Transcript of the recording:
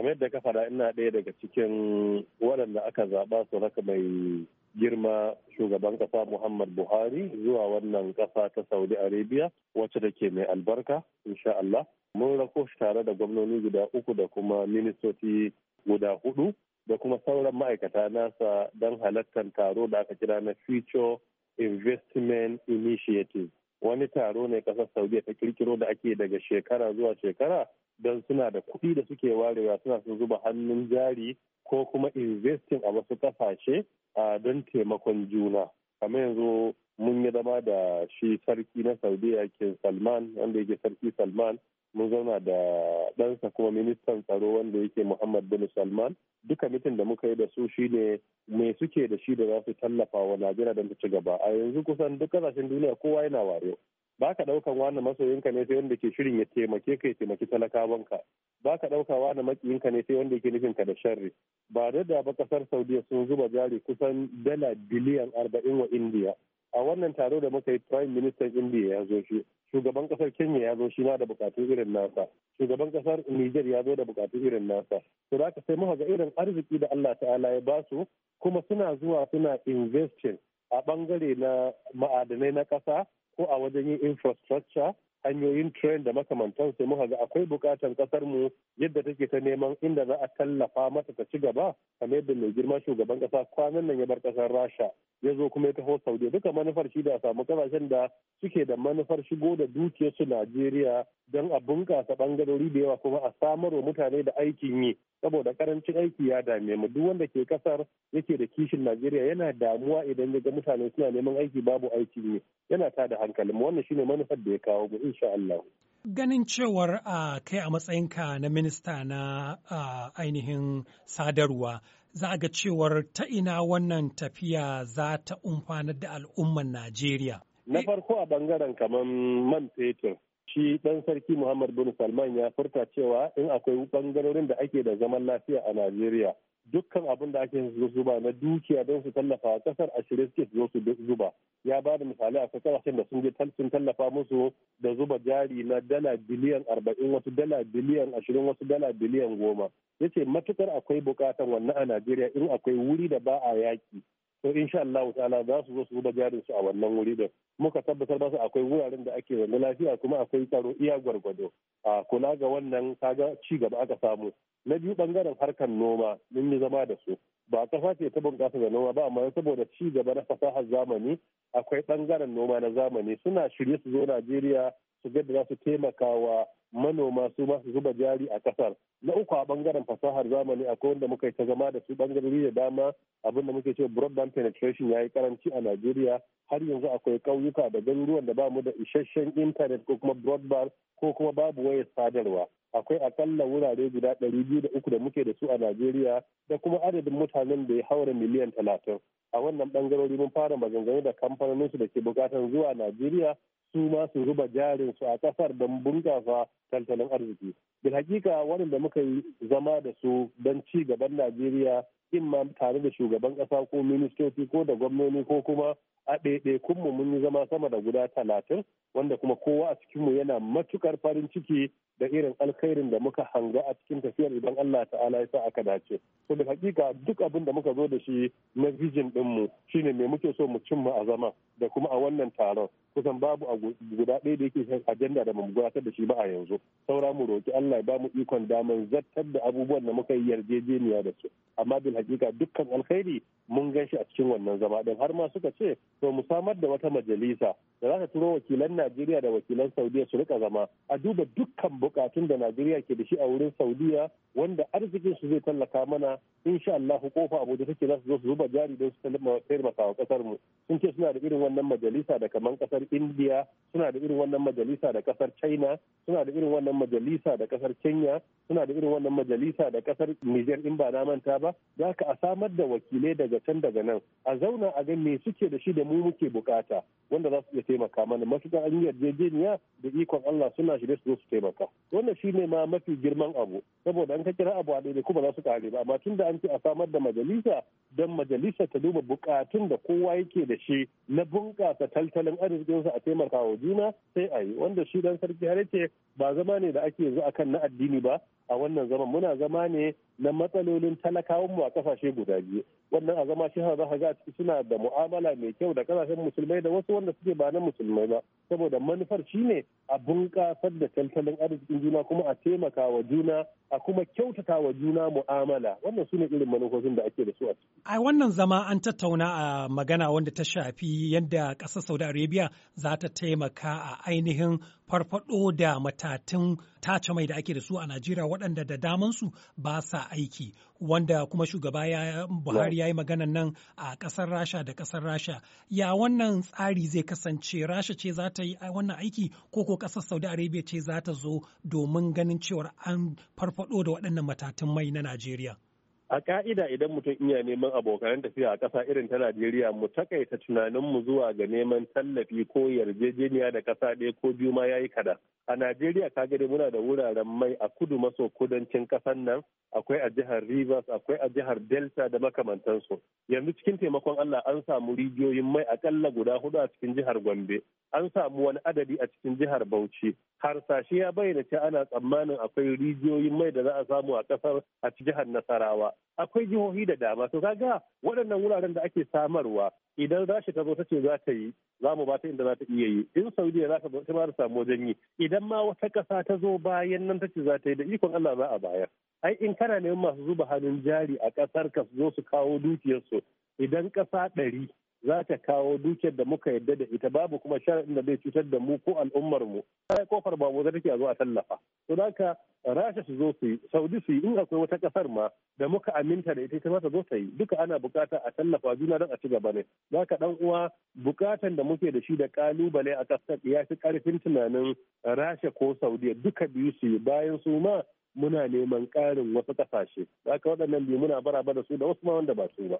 kamar yadda ka faɗa ina ɗaya daga cikin waɗanda aka zaɓa su raka mai girma shugaban ƙasa Muhammad Buhari zuwa wannan ƙasa ta Saudi Arabia wacce da ke mai albarka insha Allah. Mun rako shi tare da gwamnoni guda uku da kuma ministoci guda hudu da kuma sauran ma'aikata nasa don halartar taro da aka kira na Future Investment Initiative. Wani taro ne ƙasar Saudiya ta kirkiro da ake daga shekara zuwa shekara don suna da kuɗi da suke warewa suna sun zuba hannun jari ko kuma investing a wasu ƙasashe don taimakon juna kamar yanzu mun yi zama da shi sarki na saudiya ke salman wanda yake sarki salman mun zauna da ɗansa kuma ministan tsaro wanda yake muhammad bin salman duka mitin da muka yi da su shine me suke da shi da za su tallafa wa najeriya don ta ci gaba a yanzu kusan duk kasashen duniya kowa yana warewa. ba ka ɗaukan wani masoyinka ne sai wanda ke shirin ya taimake ka ya taimaki talakawanka ba ka ɗauka wani makiyinka ne sai wanda ke nufin ka da sharri ba da ba kasar saudiya sun zuba jari kusan dala biliyan arba'in wa indiya a wannan taro da muka yi prime minister india ya zo shi shugaban kasar kenya ya zo shi na da bukatu irin nasa shugaban kasar niger ya zo da bukatu irin nasa to da sai muka ga irin arziki da allah ta'ala ya basu kuma suna zuwa suna investing a bangare na ma'adanai na kasa ko a wajen yin infrastructure hanyoyin tren da makamantansu muka ga akwai bukatan kasar mu yadda take ta neman inda za a tallafa mata ta ci gaba kamar yadda mai girma shugaban kasa kwanan nan ya bar kasar rasha ya zo kuma ya taho saudi duka manufar shi da samu kasashen da suke da manufar shigo da dukiyarsu najeriya don a bunƙasa ɓangarori da yawa kuma a samar wa mutane da aikin yi saboda karancin aiki ya dame mu duk wanda ke kasar yake da kishin Najeriya yana damuwa idan ya ga mutane suna neman aiki babu aikin yi yana ta da hankalin mu wannan shine manufar da ya kawo mu insha Allah ganin cewar a kai a matsayinka na minista na ainihin sadarwa za a ga cewar ta ina wannan tafiya za ta umfanar da al'umman Najeriya na farko a bangaren kamar man fetur shi ɗan sarki Muhammad bin Salman ya furta cewa in akwai ɓangarorin da ake da zaman lafiya a Najeriya dukkan abin da ake zuba na dukiya don su tallafa ƙasar kasar a shirye suke zo su zuba ya ba da misali a kasashen da sun je sun tallafa musu da zuba jari na dala biliyan arba'in wasu dala biliyan ashirin wasu dala biliyan goma ya ce matukar akwai bukatan wannan a najeriya in akwai wuri da ba a yaki to insha Allah ta'ala za su zo su zuba jarin su a wannan wuri da muka tabbatar ba su akwai wuraren da ake wani lafiya kuma akwai tsaro iya gwargwado a kula ga wannan kaga ci gaba aka samu na biyu bangaren harkan noma mun yi zama da su ba kafa ce ta bunƙasa da noma ba amma saboda ci gaba na fasahar zamani akwai bangaren noma na zamani suna shirye su zo Najeriya su ga da za su taimakawa. manoma su ma su zuba jari a kasar na uku a bangaren fasahar zamani akwai wanda muka yi ta zama da su bangarori da dama abin da muke cewa broadband penetration ya yi karanci a najeriya har yanzu akwai ƙauyuka da garuruwan da ba mu da isasshen intanet ko kuma broadband ko kuma babu wayar sadarwa akwai akalla wurare guda ɗari biyu da uku da muke da su a najeriya da kuma adadin mutanen da ya haura miliyan talatin a wannan bangarori mun fara maganganu da kamfanoninsu da ke bukatan zuwa najeriya su ma su zuba jarin su a kasar don bunƙasa tattalin arziki. Bil hakika waɗanda muka yi zama da su don ci gaban Najeriya in ma tare da shugaban kasa ko ministoci ko da gwamnoni ko kuma a ɗaiɗaikunmu mun yi zama sama da guda talatin wanda kuma kowa a cikinmu yana matukar farin ciki da irin alkhairin da muka hanga a cikin tafiyar idan Allah ta'ala ya sa aka dace. To da hakika duk abin da muka zo da shi na vision ɗinmu shine me muke so mu cimma a zama da kuma a wannan taron kusan babu a guda ɗaya da yake ajanda da mu gabatar da shi ba a yanzu. Saura mu roki Allah ya ba mu ikon daman zartar da abubuwan da muka yi yarjejeniya da su. Amma bil hakika dukkan alkhairi mun gan shi a cikin wannan zama din har ma suka ce to mu samar da wata majalisa da za ta turo wakilan Najeriya da wakilan Saudiya su rika zama a duba dukkan bukatun da Najeriya ke da shi a wurin Saudiya wanda arzikin su zai tallaka mana insha Allah kofa abu Abuja take za su zo su zuba jari don su taimaka wa kasar mu sun ce suna da irin wannan majalisa da kamar kasar India suna da irin wannan majalisa da kasar China suna da irin wannan majalisa da kasar Kenya suna da irin wannan majalisa da kasar Niger in ba na manta ba za haka a samar da wakilai daga can daga nan a zauna a ga me suke da shi da mu muke bukata wanda za su iya taimaka mana masu an yarjejeniya da ikon Allah suna shirye su zo su taimaka wannan ne ma mafi girman abu saboda an ka kira abu a ɗaya kuma za su kare ba amma tun da an ce a samar da majalisa don majalisa ta duba bukatun da kowa yake da shi na bunƙasa tattalin arzikinsa a taimaka wa juna sai a yi wanda shi dan sarki har ba zama ne da ake yanzu akan na addini ba a wannan zaman muna zama ne na matsalolin talakawan mu kasashe guda biyu wannan a zama shi za ga suna da mu'amala mai kyau da kasashen musulmai da wasu wanda suke ba na musulmai ba saboda manufar shine a bunƙasar da tattalin arzikin juna kuma a taimaka wa juna a kuma kyautata wa juna mu'amala wannan su ne irin manufofin da ake da su a ciki. a wannan zama an tattauna a magana wanda ta shafi yadda ƙasar saudi arabia za ta taimaka a ainihin farfaɗo da matatun tace mai da ake da su a Najeriya waɗanda da damansu ba sa aiki wanda kuma shugaba ya Buhari ya yi maganan nan a ƙasar Rasha da ƙasar Rasha ya wannan tsari zai kasance Rasha ce za ta yi wannan aiki ko ko ƙasar Saudi Arabia ce za ta zo domin ganin cewar an farfado da waɗannan matatun mai na Najeriya. a ka'ida idan mutum iya neman abokan tafiya a ƙasa irin ta najeriya mu takaita tunaninmu zuwa ga neman tallafi ko yarjejeniya da ƙasa ɗaya ko biyu ma yayi kada a najeriya ka gani muna da wuraren mai a kudu maso kudancin ƙasar nan akwai a jihar rivers akwai a jihar delta da su yanzu cikin taimakon allah an samu rijiyoyin mai aƙalla guda hudu a cikin jihar gombe an samu wani adadi a cikin jihar bauchi harsashe ya bayyana ce ana tsammanin akwai rijiyoyin mai da za a samu a ƙasar a jihar nasarawa akwai jihohi da dama to kaga waɗannan wuraren da ake samarwa idan rasha ta zo ta ce za ta yi za mu ba ta inda za ta iya yi in saudiya za ta ta ba ta samu wajen yi idan ma wata ƙasa ta zo bayan nan ta ce za ta yi da ikon allah za a bayar ai in kana neman masu zuba hannun jari a ƙasar ka su zo su kawo dukiyarsu idan ƙasa ɗari za ta kawo dukiyar da muka yadda da ita babu kuma sharaɗin da zai cutar da mu ko al'ummar mu sai kofar ba mu take a zo a tallafa to haka rasha su zo su yi saudi su yi in akwai wata kasar ma da muka aminta da ita ita ma ta zo ta yi duka ana bukata a tallafa juna don a ci gaba ne za ka ɗan uwa bukatan da muke da shi da kalubale a kasar ya fi karfin tunanin rasha ko saudiya duka biyu su yi bayan su ma muna neman ƙarin wasu ƙasashe. ka waɗannan biyu muna baraba da su da wasu ma wanda ba su ba.